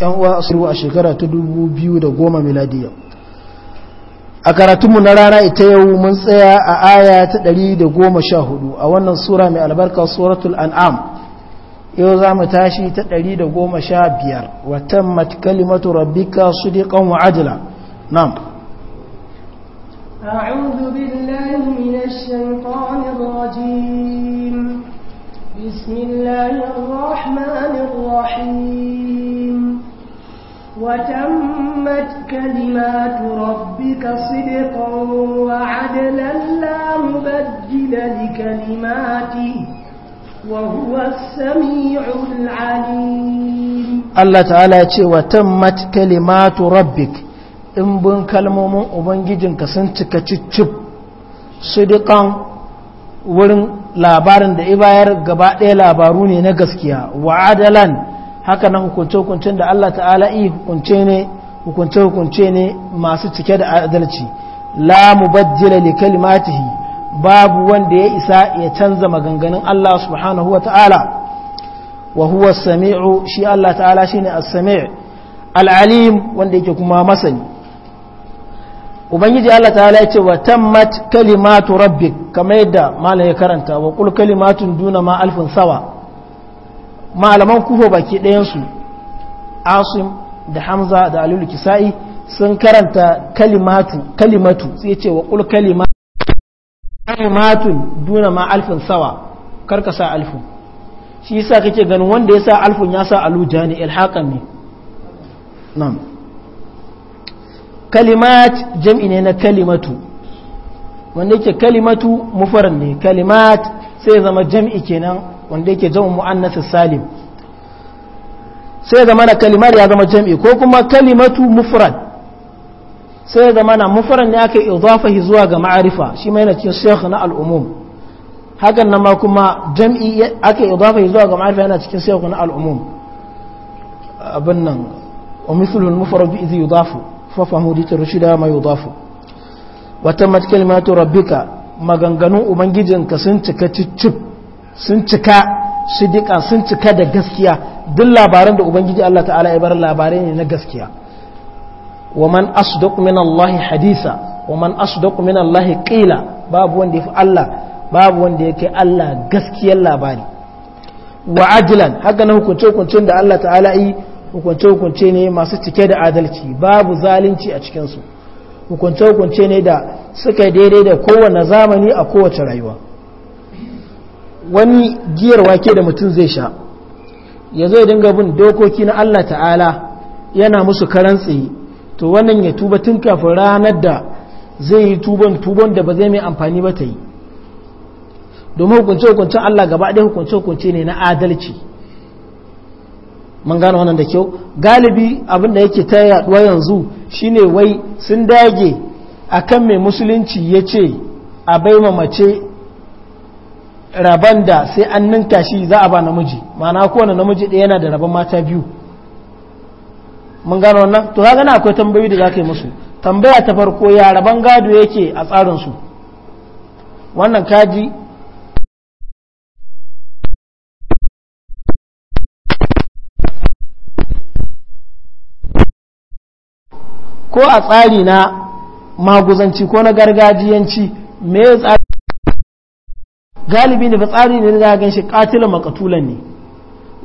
'yan uwa asiru a shekara ta 2010 miladiyya a karatunmu na rana ita yau mun tsaya a aya ta 114 a wannan sura mai albarka suratul an'am yau za mu tashi ta 115 watan matkalimatu rabbika sadiqan wa adila nam أعوذ بالله من الشيطان الرجيم بسم الله الرحمن الرحيم وتمت كلمات ربك صدقا وعدلا لا مبدل لكلماته وهو السميع العليم الله تعالى وتمت كلمات ربك in bin kalmomin ubangijinka sun cika cicif صدقا wurin labarin da ibayar gaba ɗaya labaru ne na gaskiya wa adalan haka na hukunce-hukuncen da Allah ta'ala yi hukunce ne hukunce-hukunce ne masu cike da adalci la mubaddila li kalimatihi babu wanda ya isa ya canza maganganun Allah subhanahu wa ta'ala wa huwa sami'u shi Allah ta'ala shine as-sami' al-alim wanda yake kuma masani ubangiji Allah ta'ala yace wa tammat kalimatu rabbik kamar yadda malam ya karanta wa kul kalimatun duna ma alfin sawa malaman kufa baki ɗayansu asim da hamza da alilu kisa'i sun karanta kalimatu kalimatu sai ce wa kul kalimatu duna ma alfin sawa karka sa alfin shi yasa kake ganin wanda ya sa alfin ya sa aluja ne ne nan kalimat jam'i ne na kalimatu wanda yake kalimatu mufarin ne kalimat sai zama jam'i kenan wanda yake jama mu'annas salim sai zama na kalimar ya zama jam'i ko kuma kalimatu mufrad sai zama na mufrad ne aka idafa zuwa ga ma'arifa shi mai na cikin sheikh na al'umum hakan nan ma kuma jam'i aka idafa zuwa ga ma'arifa yana cikin sheikh na al'umum abin nan ومثل المفرد إذ يضاف ففهموا دي ترشدا ما يضاف وتمت كلمات ربك maganganun ubangijinka sun cika cicip sun cika sidika sun cika da gaskiya duk labaran da ubangiji Allah ta'ala ya bar labarai ne na gaskiya wa man asdaq min Allah hadisa wa man asdaq min Allah qila babu wanda yafi Allah babu wanda yake Allah gaskiyar labari wa ajlan haka na hukunce hukuncen da Allah ta'ala yi hukunce hukunce ne masu cike da adalci babu zalunci a cikin su hukunce hukunce ne da suka daidai da kowane zamani a kowace rayuwa wani giyar wake da mutum zai sha ya zai dinga bin dokoki na Allah ta'ala yana musu karantsi to wannan ya tuba tun kafin ranar da zai yi tuban tuban da ba zai mai amfani ba ta yi domin hukunce hukunce Allah gaba ɗaya hukunce-hukunce ne na adalci mun gano wannan da kyau galibi abin da yake ta yaduwa yanzu shine wai sun dage akan mai musulunci ya ce a ma mace raban da sai an ninka shi za a ba namiji ma'ana kowane namiji ɗaya yana da raban mata biyu mun gano wannan to ka gana akwai tambayi da za ka yi musu tambaya ta farko ya raban gado yake a tsarinsu wannan kaji ko a tsari na maguzanci ko na gargajiyanci me tsari galibi ne fitsari ne da a gan shi katilan makatulan ne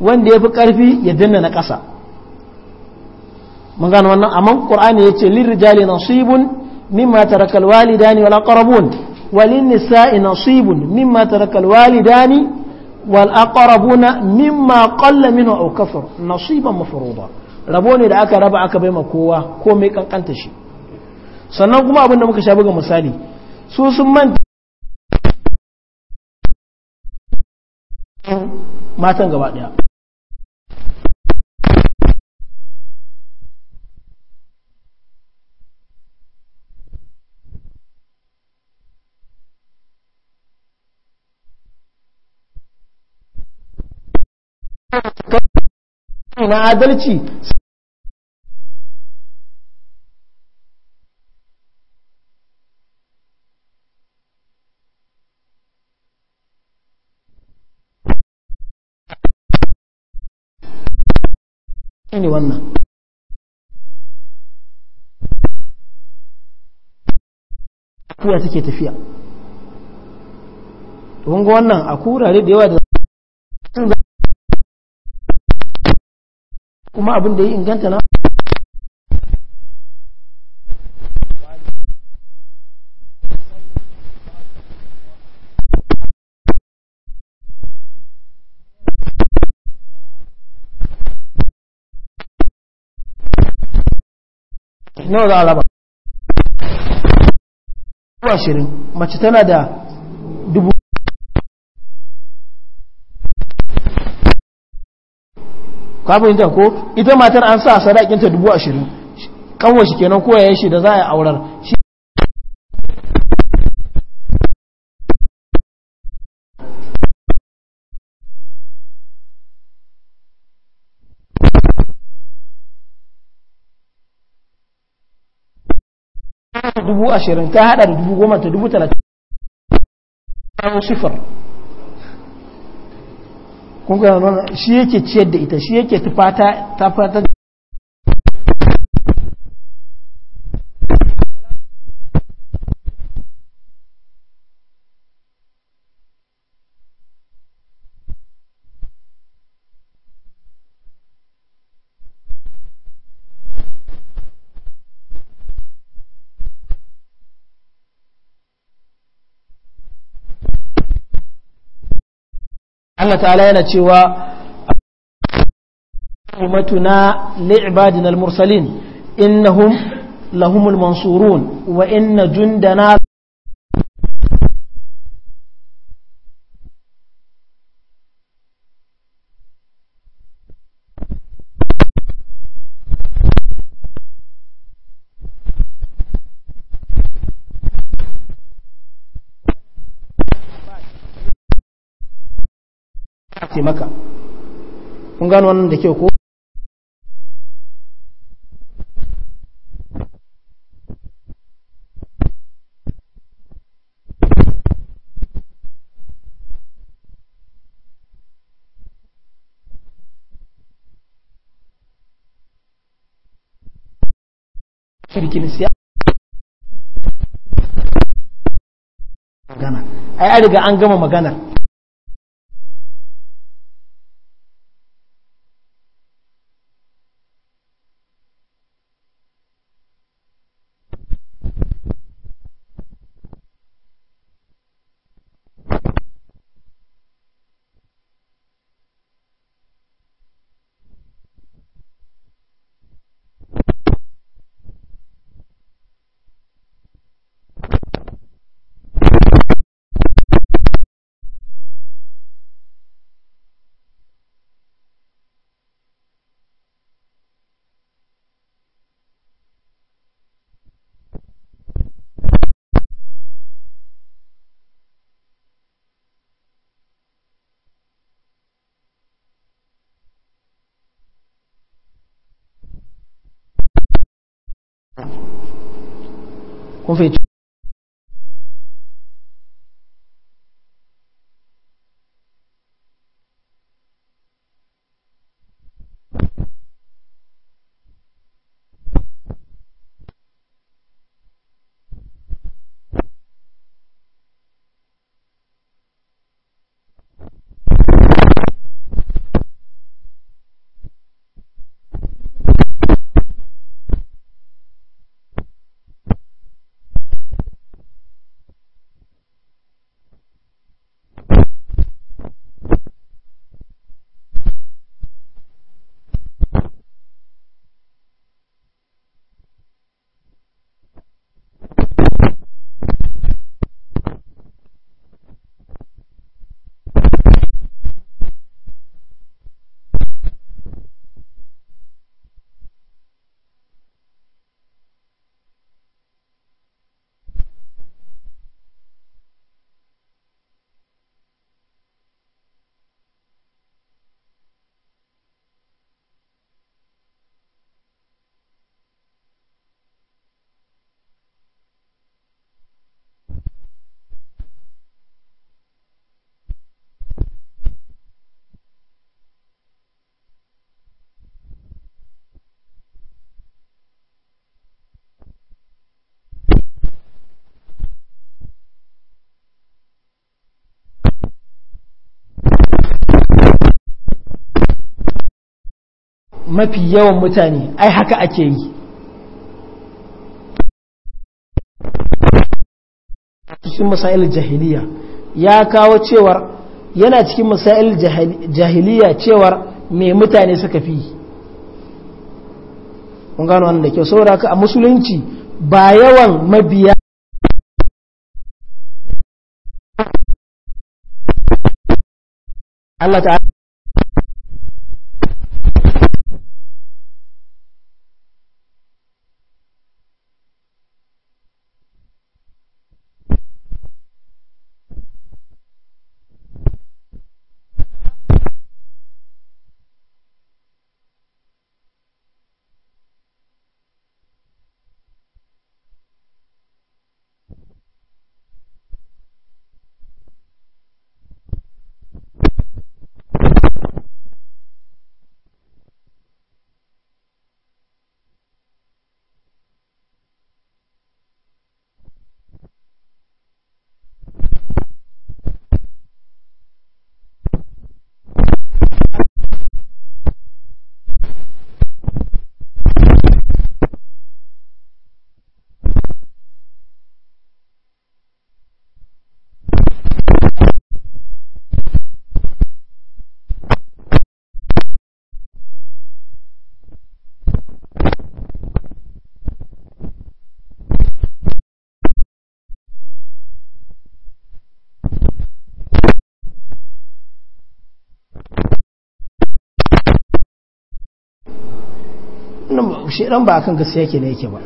wanda ya fi ƙarfi ya danna na ƙasa mun gano wannan amma qur'ani ya ce lirrijali nasibun mimma taraka alwalidani wal aqrabun walin nisa'i nasibun mimma taraka alwalidani wal aqrabuna mimma min minhu aw kathur nasiban mafruḍa rabo ne da aka raba aka bai ma kowa ko mai kankanta shi sannan kuma abin da muka sha buga misali su sun manta matan gaba daya na adalci ne wannan akuya take tafiya kun wannan a kurare da yawa da kuma abin da ya inganta na nawa za a mace tana da dubu kafin ko ita matar an sa sadakinta dubu ashirin kanwa shi kenan koyayen shi da za a yi aurar shi ta dubu ashirin ta hada da dubu goma ta dubu talatin sifar shi yake ciyar da ita shi yake tufata ta Allah ta'ala yana cewa umatuna li'ibadina al-mursalin innahum lahumul mansurun wa inna jundana ce maka kun gano wannan da kyau ko ai an riga an gama maganar convertido mafi yawan mutane ai haka ake yi cikin masail jahiliya ya kawo cewar yana cikin masail jahiliya cewar mai mutane suka fi kun gano wanda da kyau saboda a musulunci ba yawan mabiya Allah ta'ala ɗan ba kan gaskiya yake ne yake ba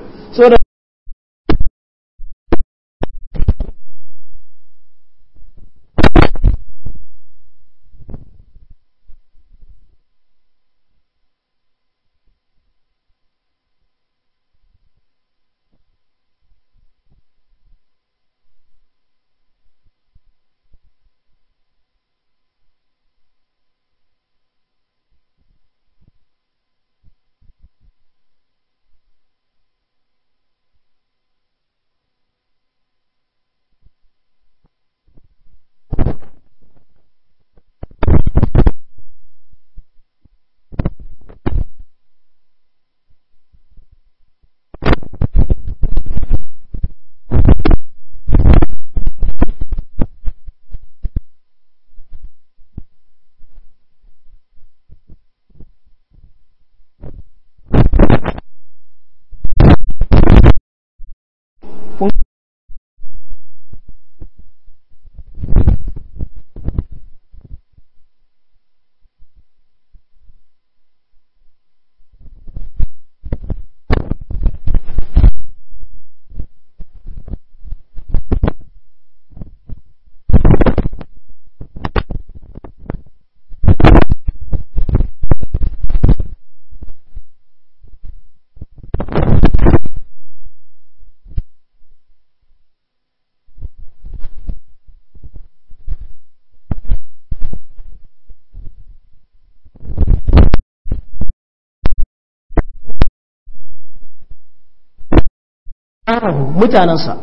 qaumahu mutanansa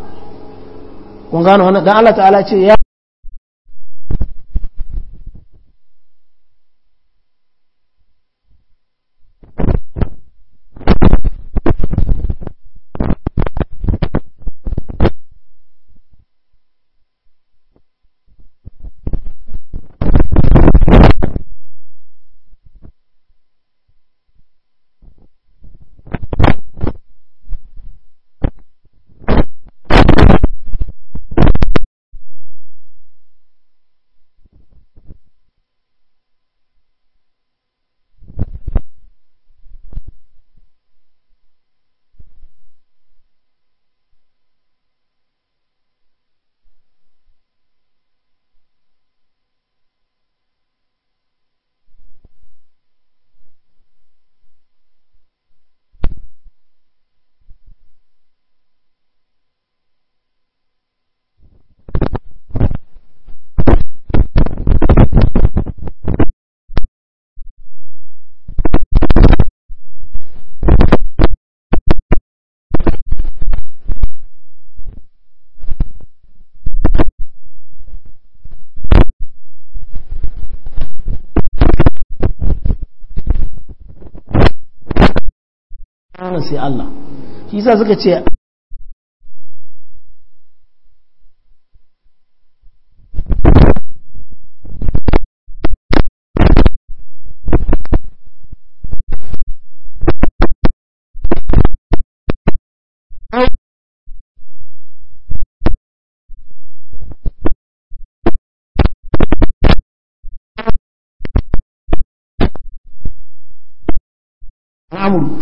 kun gano wannan dan Allah ta'ala ce ya sai Allah shi yasa suka ce amur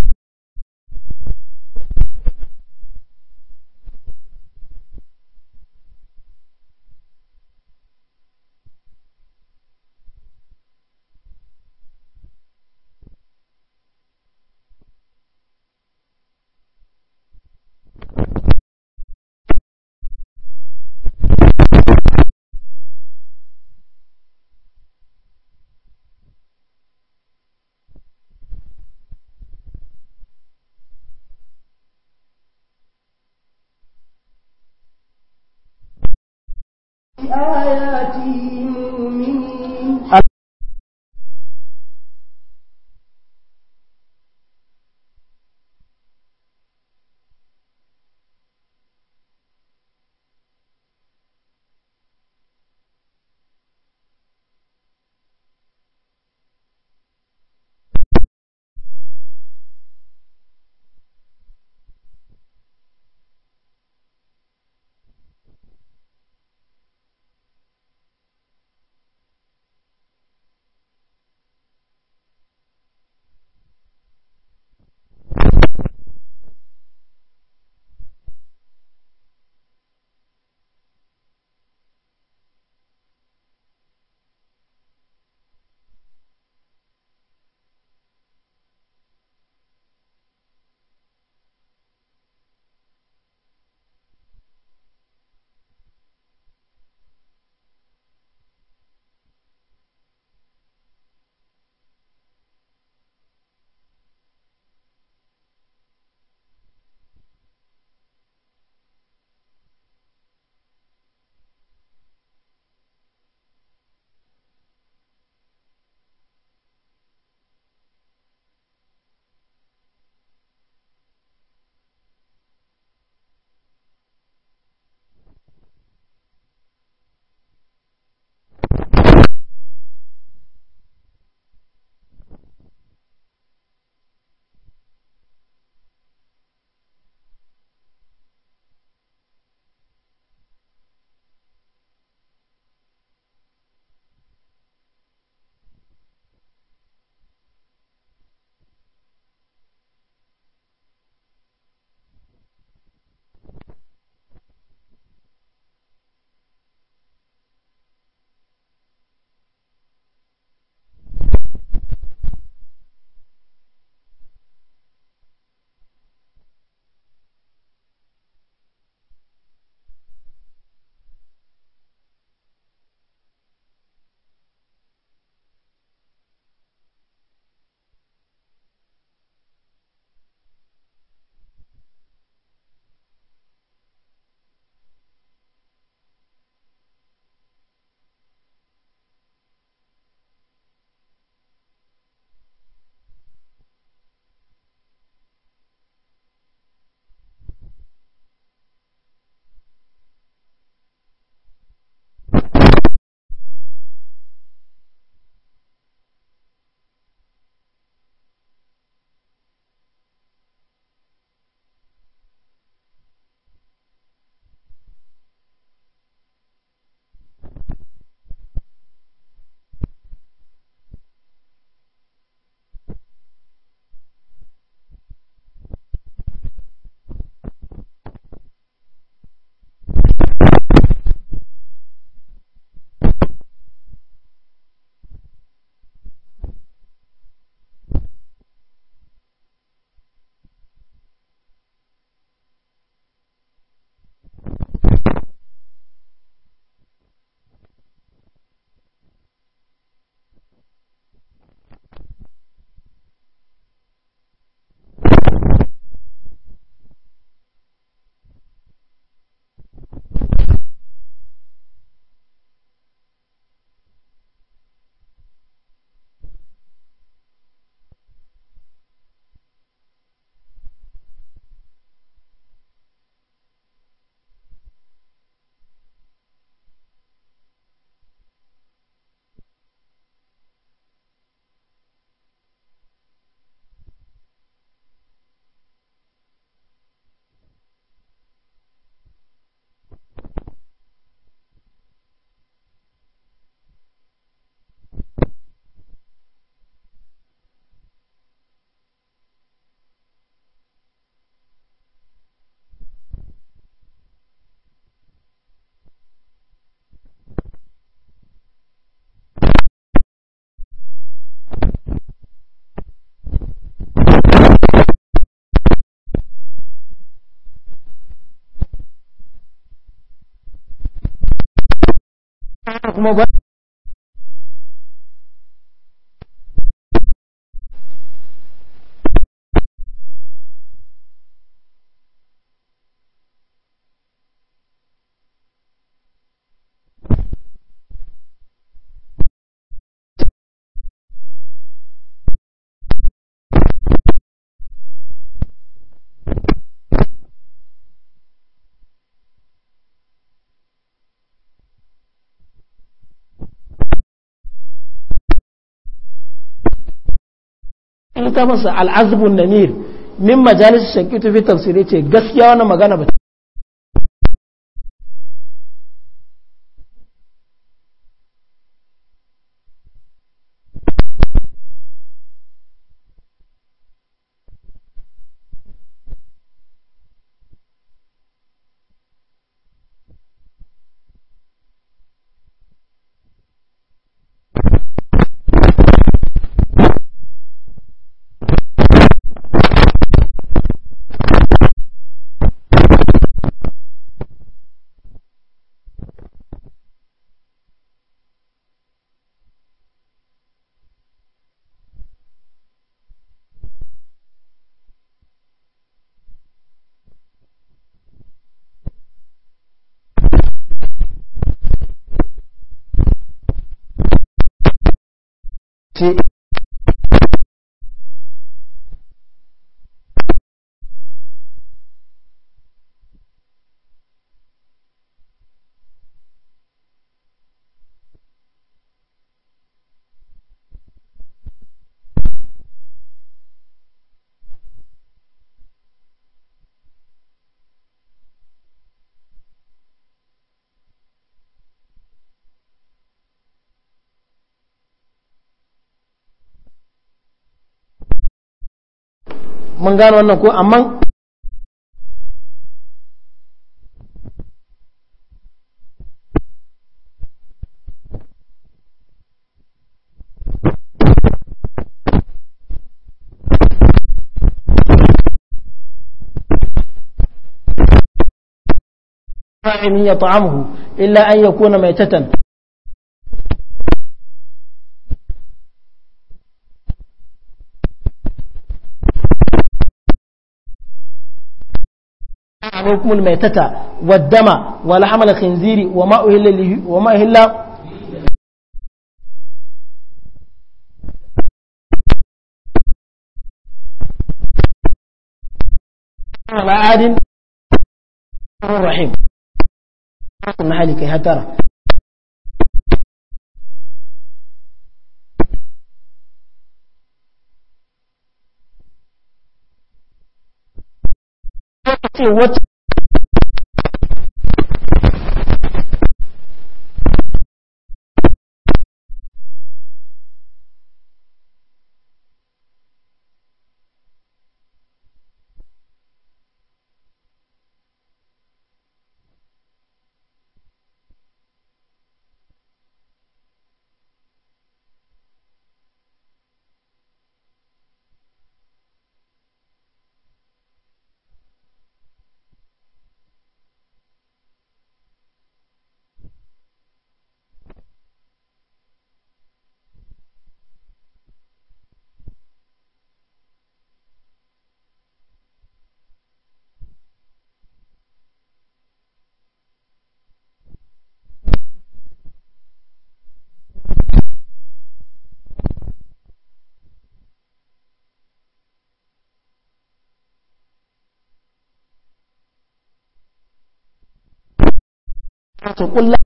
como va littafin sa al namir min majalis shaqitu fi tafsiri ce gaskiya wannan magana ba mun gane wannan ko amma طعام يطعمه إلا أن يكون حكم الميتة والدم ولحم الخنزير وما أهل وما أهل على عاد الرحيم النحل كي هترى ce wata ce kulla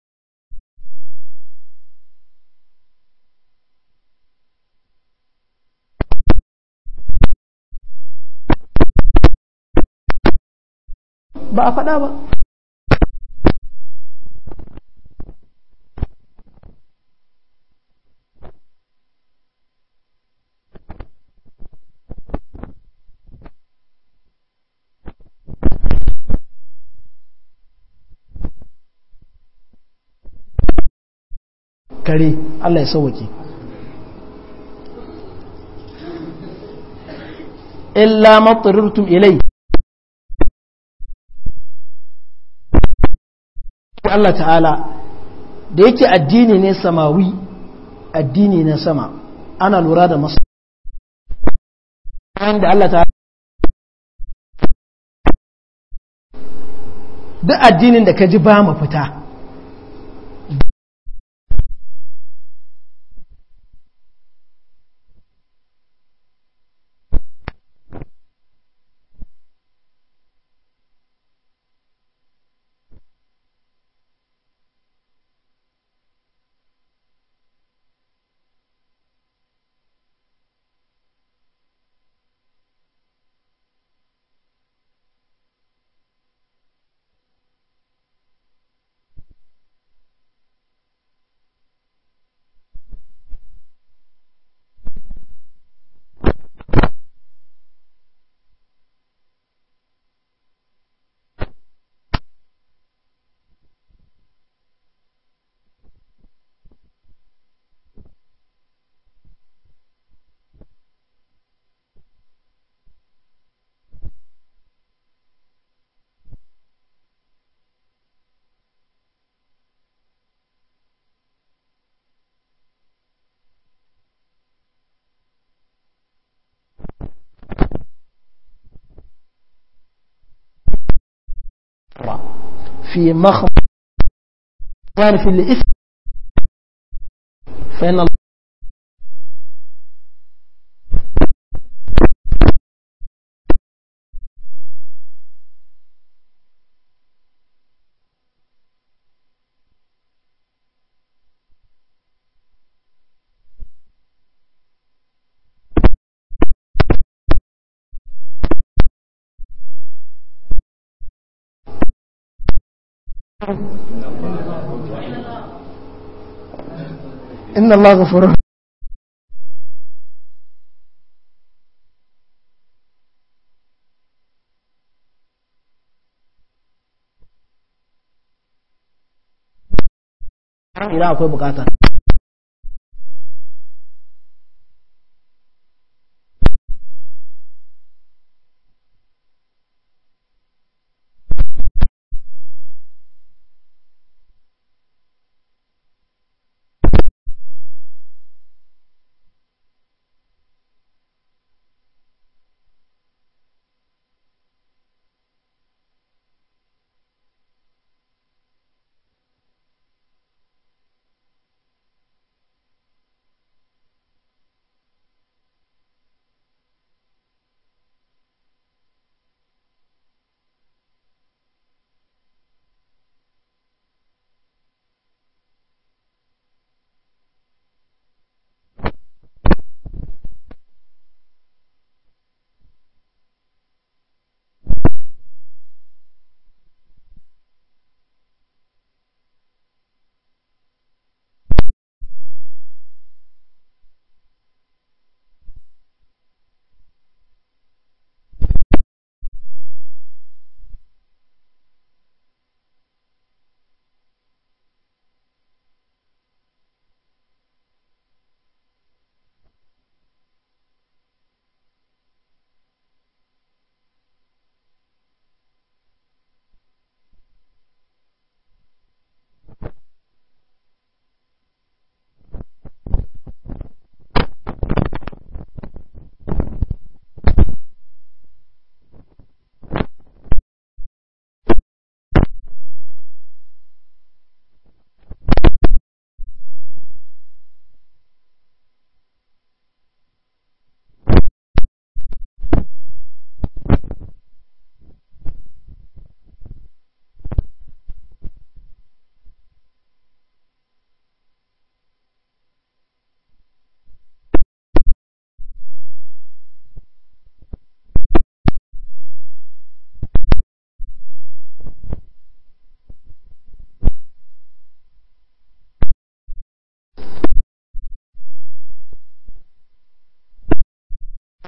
ba a faɗa ba kare Allah ya sauwake illa matarirtum ilai Allah ta'ala da yake addini ne samawi addini na sama ana lura da masu da Allah ta'ala da addinin da ka ji ba mafita في مخ في الإثم فإن إن الله غفور ina akwai bukata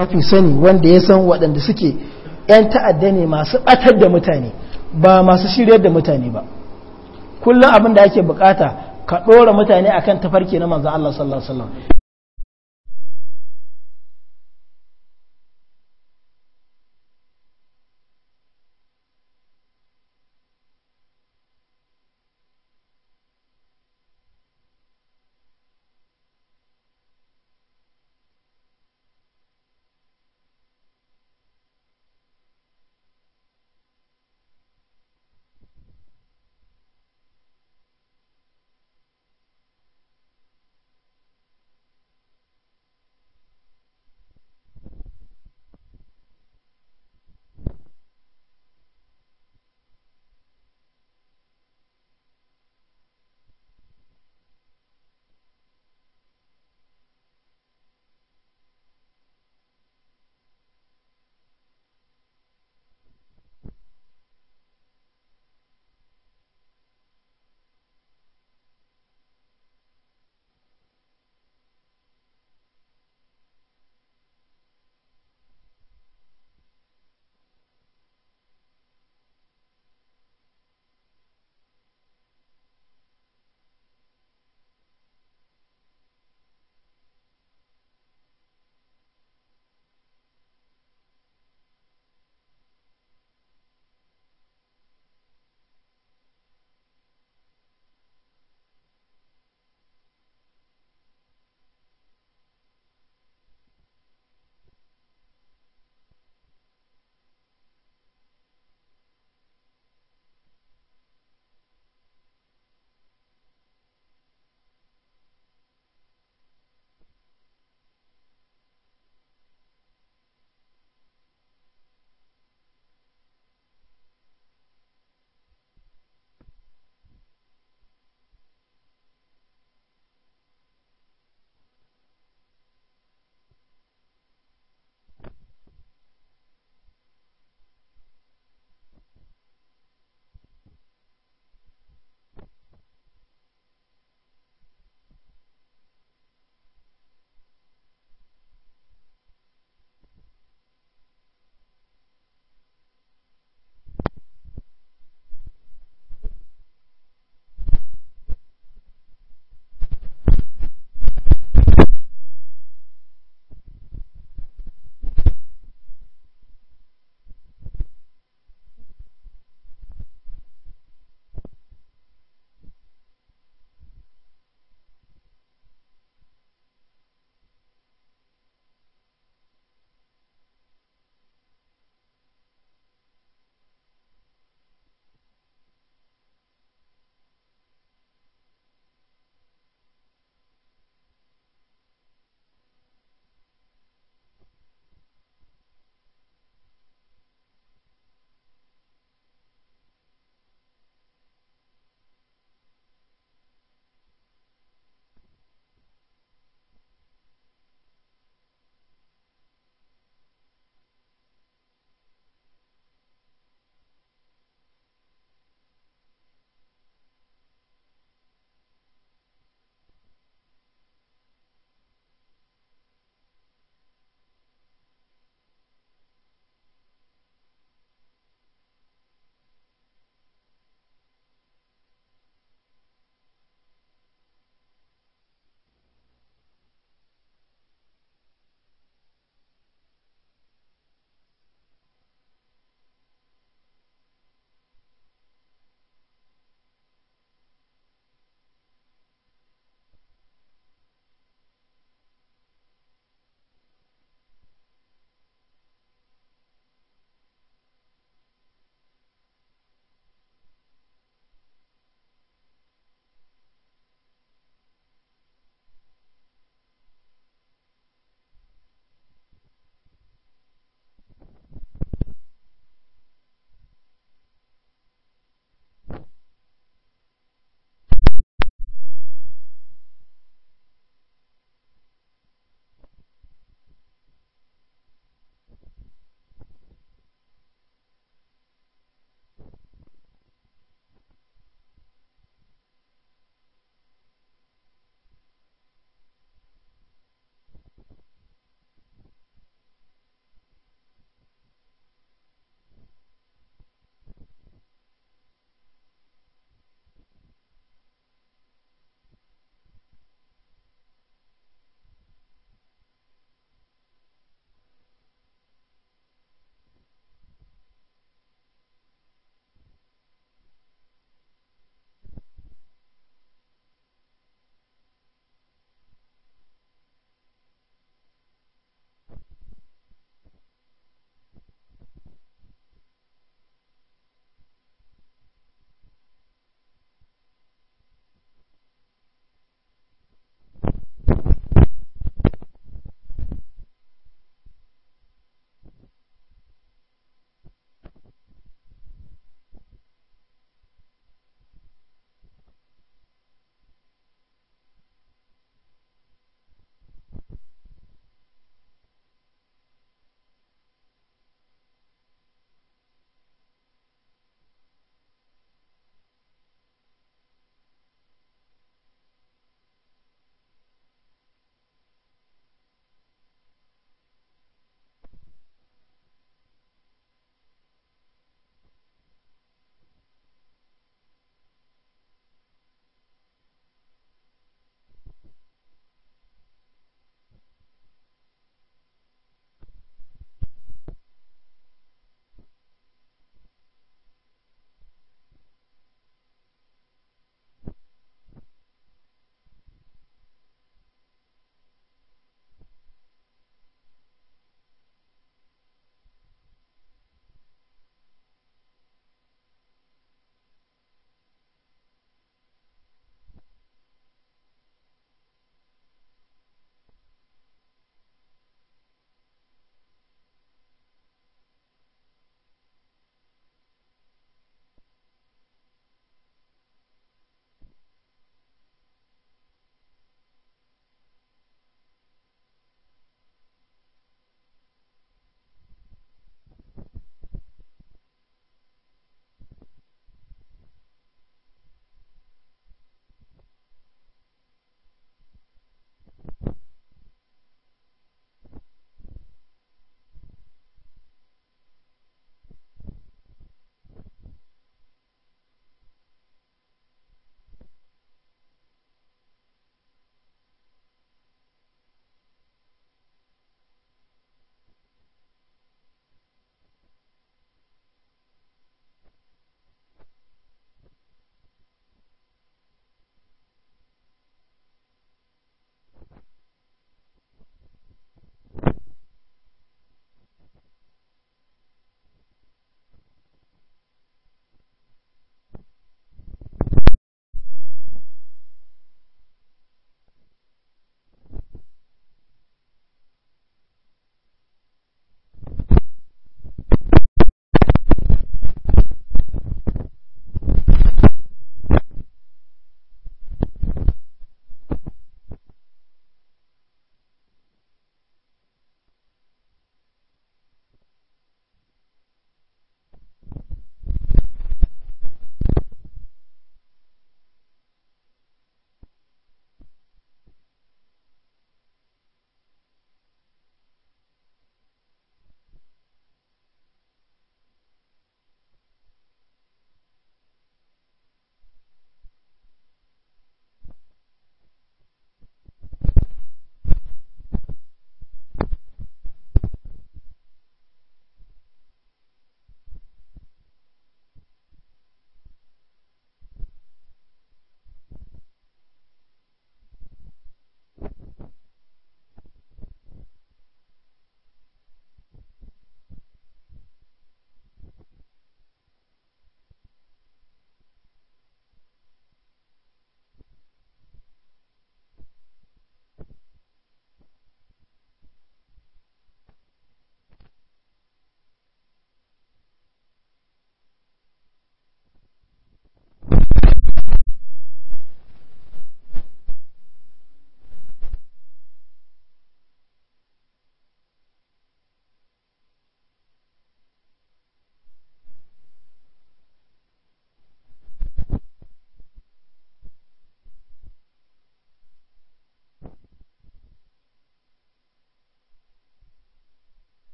mafi sani wanda ya san waɗanda suke 'yan ta'adda ne masu ɓatar da mutane ba masu shiryar da mutane ba kullum abin da ake bukata ka ɗora mutane akan tafarki na manzan Allah sallallahu alaihi wasallam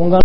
공간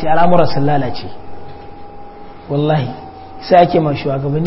ce al'amuran sun lalace wallahi sai ake ma gabani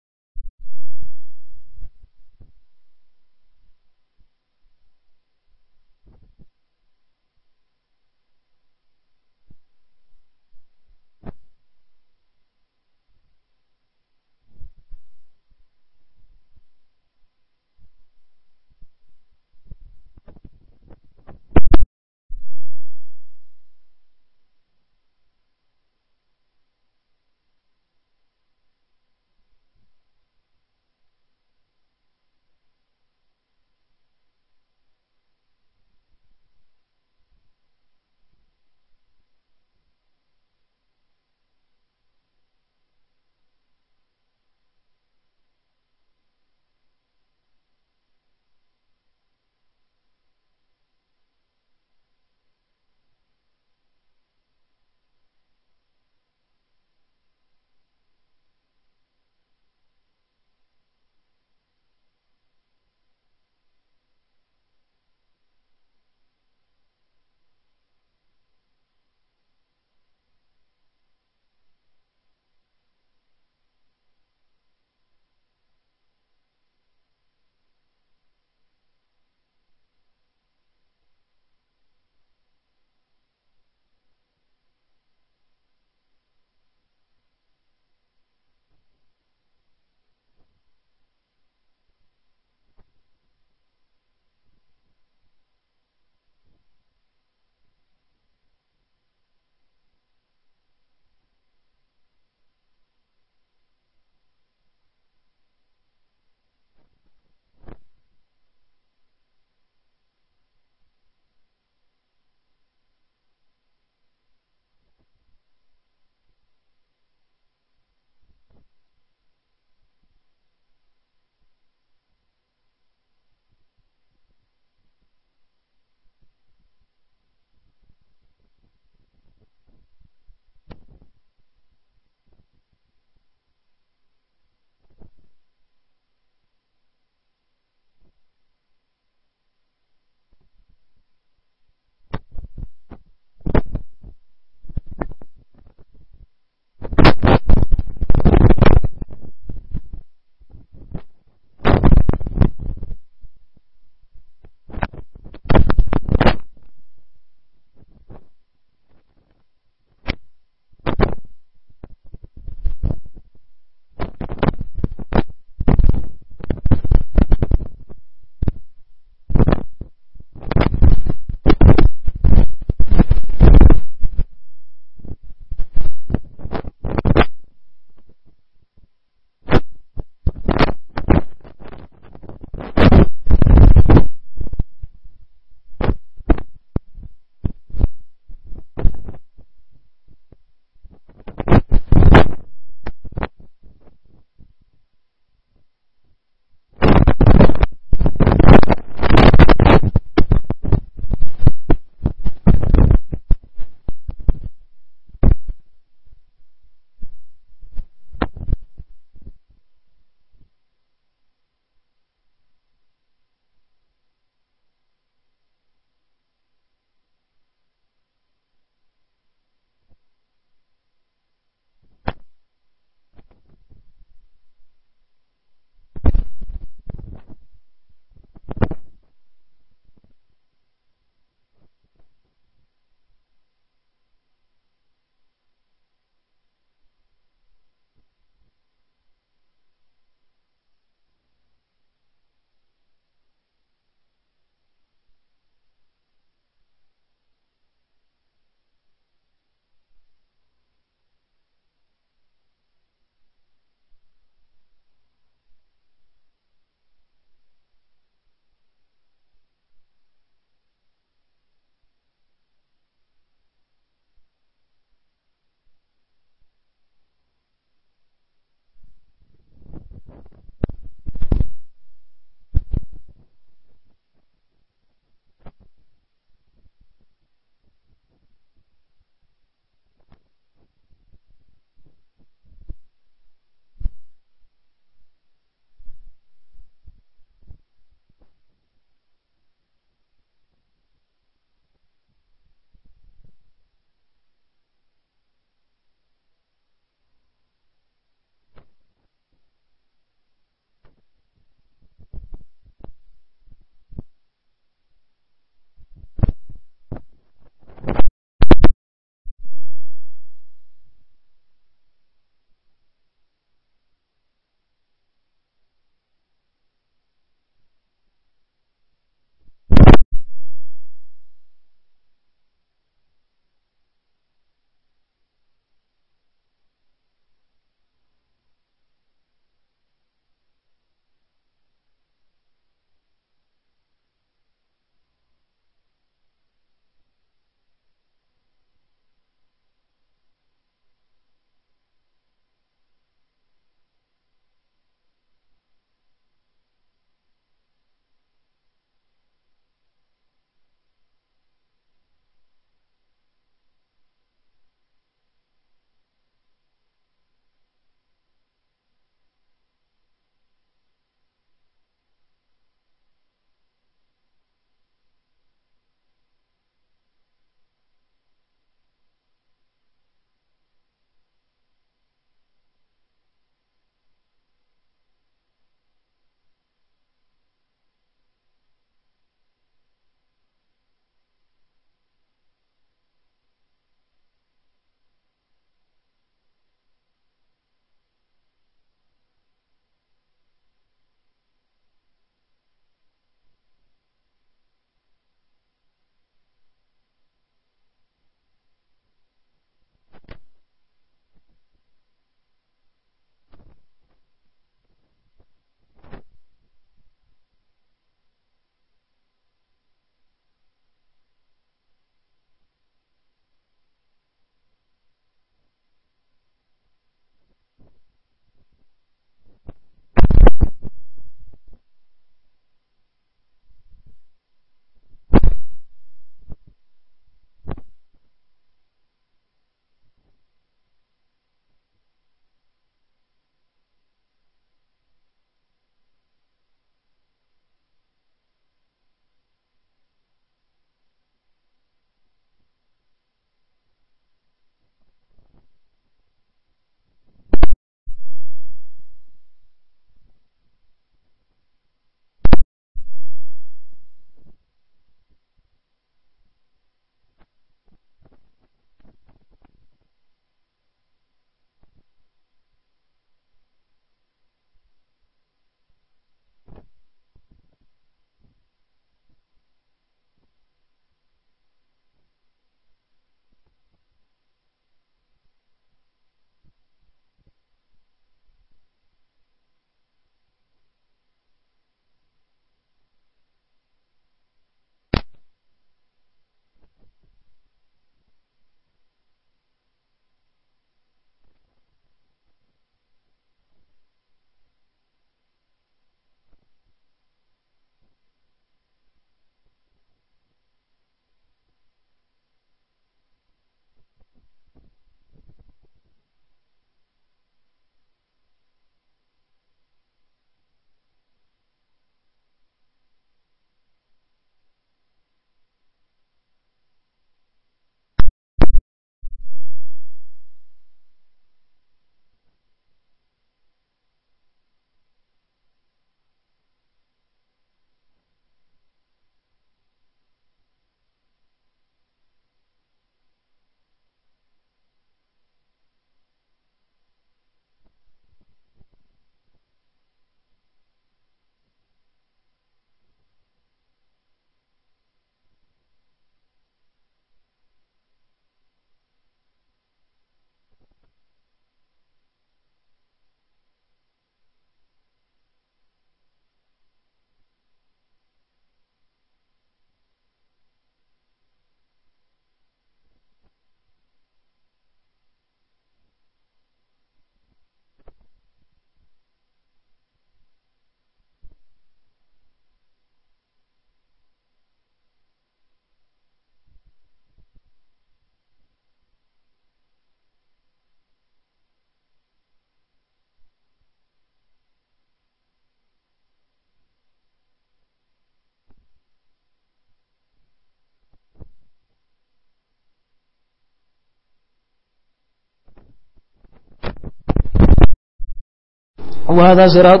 Allah dá gerado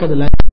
baka da lafiya